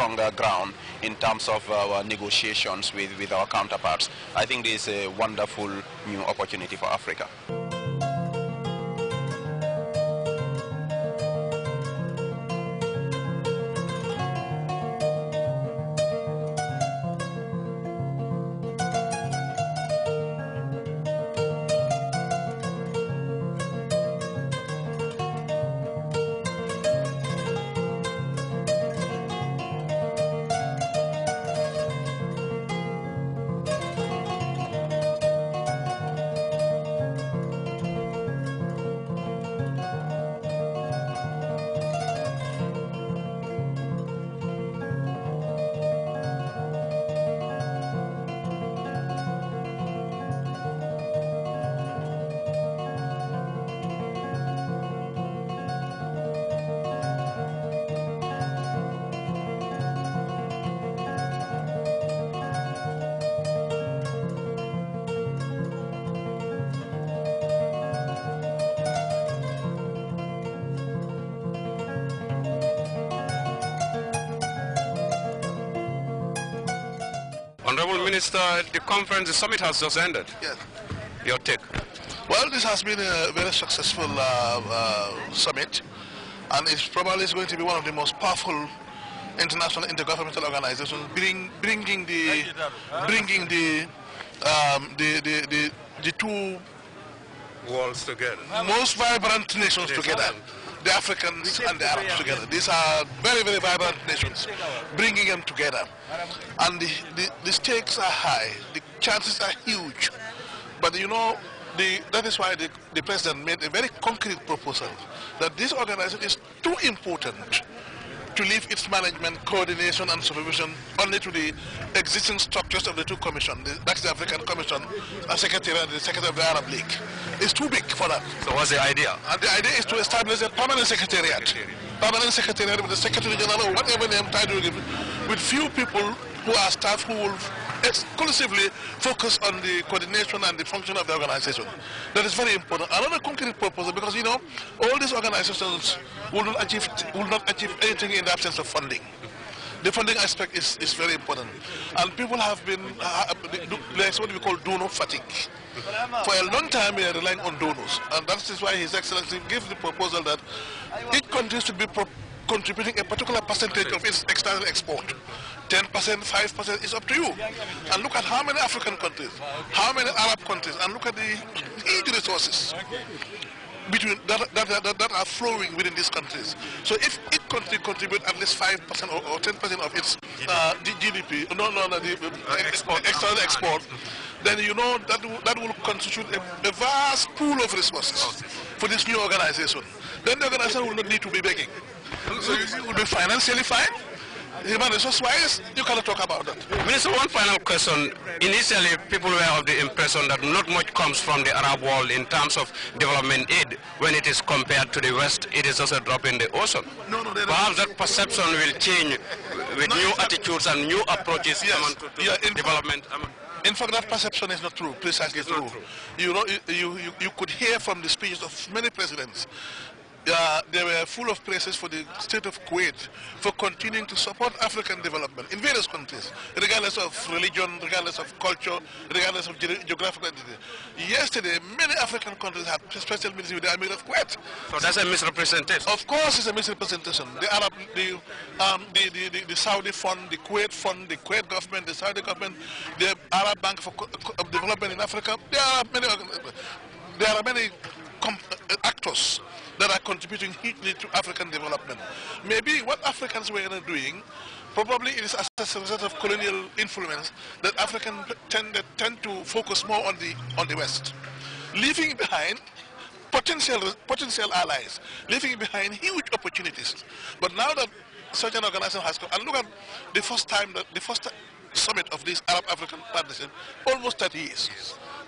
stronger ground in terms of our negotiations with, with our counterparts. I think this is a wonderful new opportunity for Africa. Honourable Minister, the conference, the summit has just ended. Yes. Your take? Well, this has been a very successful uh, uh, summit, and it's probably going to be one of the most powerful international intergovernmental organizations, bring, bringing the bringing the, um, the, the, the the two worlds together, most vibrant nations together the Africans and the Arabs together. These are very, very vibrant nations, bringing them together. And the, the, the stakes are high, the chances are huge. But you know, the, that is why the, the president made a very concrete proposal that this organization is too important to leave its management, coordination and supervision only to the existing structures of the two commissions. That's the African Commission, secretary and the secretary of the Arab League. It's too big for that. So what's the idea? And the idea is to establish a permanent secretariat. Permanent secretariat with the secretary general or whatever name title you give, with few people who are staff who will exclusively focus on the coordination and the function of the organization. That is very important. Another concrete purpose, because, you know, all these organizations will not achieve, will not achieve anything in the absence of funding the funding aspect is, is very important. And people have been, uh, there's what we call donor fatigue. For a long time, we are relying on donors. And that is why His Excellency gave the proposal that each country should be contributing a particular percentage of its external export. 10%, 5%, it's up to you. And look at how many African countries, how many Arab countries, and look at the huge resources between that, that, that, that, are flowing within these countries. So if each country contributes at least 5% or 10% of its uh, GDP, no, no, no, the uh, uh export, external export, then you know that, that will constitute a, a vast pool of resources for this new organization. Then the organization will not need to be begging. So you will be financially fine, resource wise, you cannot talk about that. Minister, one final question. Initially, people were of the impression that not much comes from the Arab world in terms of development aid. When it is compared to the West, it is just a drop in the ocean. No, no, Perhaps that perception will change with no, new attitudes and new approaches yes, to yeah, development. In fact, that perception is not true, precisely true. true. You, know, you, you, you could hear from the speeches of many presidents uh, they were full of praises for the state of Kuwait for continuing to support African development in various countries, regardless of religion, regardless of culture, regardless of ge geographical identity. Yesterday, many African countries had special meetings with the Amir of Kuwait. So that's a misrepresentation? Of course it's a misrepresentation. The Arab, the, um, the, the, the, the, Saudi fund, the Kuwait fund, the Kuwait government, the Saudi government, the Arab Bank for Co Development in Africa, there are many, there are many uh, actors that are contributing hugely to African development. Maybe what Africans were doing, probably it is as a result of colonial influence that Africans tend, tend to focus more on the, on the West, leaving behind potential, potential allies, leaving behind huge opportunities. But now that such an organization has come, and look at the first time, that, the first summit of this Arab-African partnership, almost 30 years.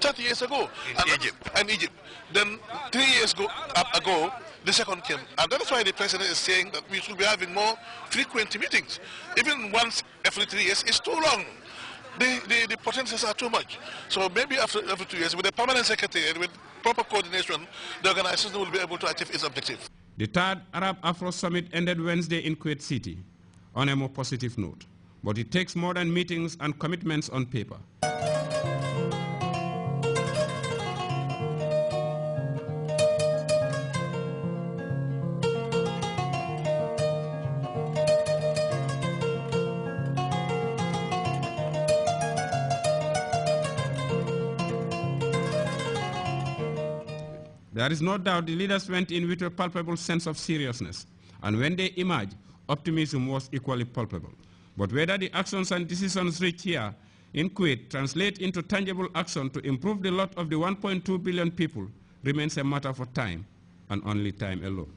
30 years ago. In and Egypt. And Egypt. Then three years ago, uh, ago, the second came. And that is why the president is saying that we should be having more frequent meetings. Even once every three years is too long. The, the, the potentials are too much. So maybe after, after two years, with a permanent secretary and with proper coordination, the organization will be able to achieve its objective. The third Arab Afro Summit ended Wednesday in Kuwait City on a more positive note. But it takes more than meetings and commitments on paper. There is no doubt the leaders went in with a palpable sense of seriousness, and when they emerged, optimism was equally palpable. But whether the actions and decisions reached here in Kuwait translate into tangible action to improve the lot of the 1.2 billion people remains a matter for time, and only time alone.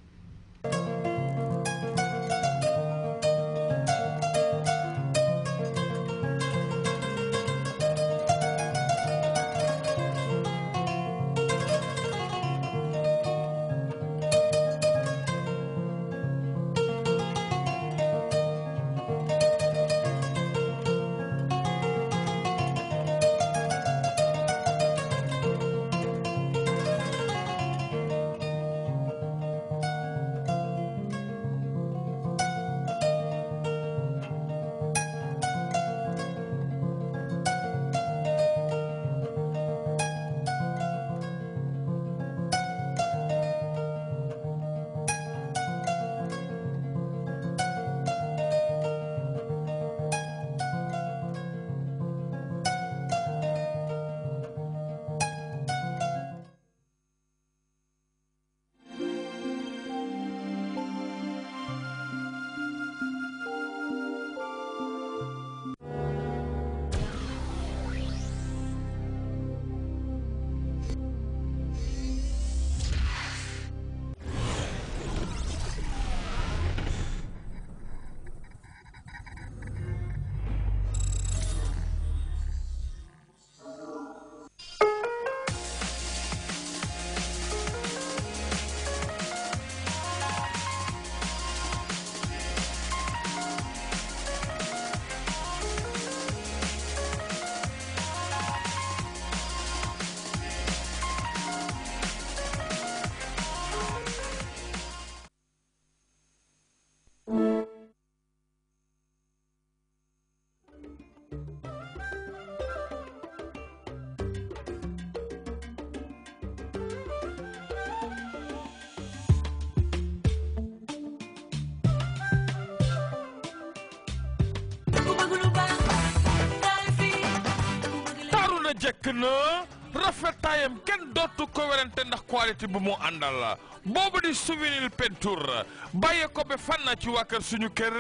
gëna jekk na rafet tayam kenn dootu ko werante ndax qualité bu mu àndal boobu di souvenir peinture bàyyi ko ba fan ci wàkkër suñu kër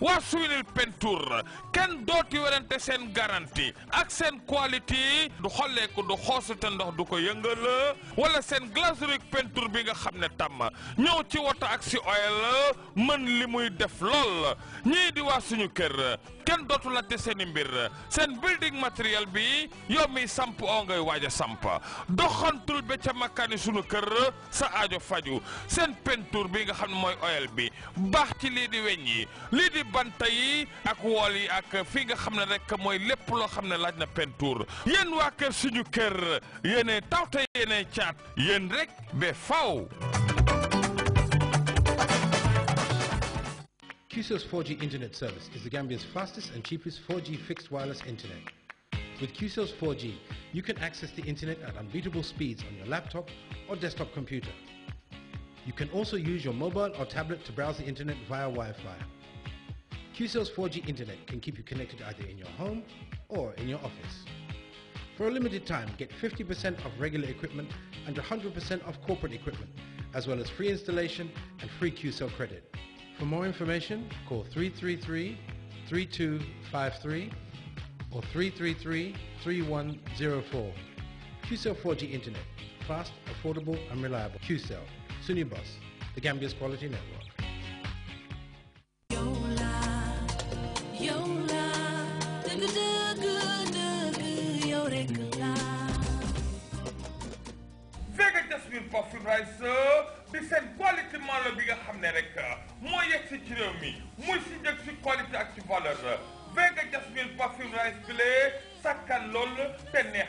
waa souvenir peinture Ken dooti werante seen garantie ak seen quality. du xolleeku du xoosute ndox du ko yëngal wala seen glaserik peinture bi nga xam tam ñëw ci woto ak si oil mën li muy def lool ñii di waa suñu kër kenn dootu la te seeni mbir seen building matériel bi yow mi samp oo ngay waaj a doxantul ba ca makkaani suñu kër sa aajo faju seen peinture bi nga xam ne mooy oil bi baax ci lii di weñ yi lii di banta yi ak wool yi ak fii nga xam ne rek mooy lépp loo xam ne laaj na peinture yéen waa kër suñu kër yéene tawte yéene caat yéen rekk ba faw QCell's 4G internet service is the Gambia's fastest and cheapest 4G fixed wireless internet. With QCell's 4G, you can access the internet at unbeatable speeds on your laptop or desktop computer. You can also use your mobile or tablet to browse the internet via Wi-Fi. QCell's 4G internet can keep you connected either in your home or in your office. For a limited time, get 50% off regular equipment and 100% off corporate equipment, as well as free installation and free QCell credit. For more information, call 333-3253 or 333-3104. QCell 4G Internet. Fast, affordable and reliable. QCell. Sunibus, The Gambia's Quality Network. Vega Jasmine parfum rice right so qualité malo quality nga xam ne rek 变那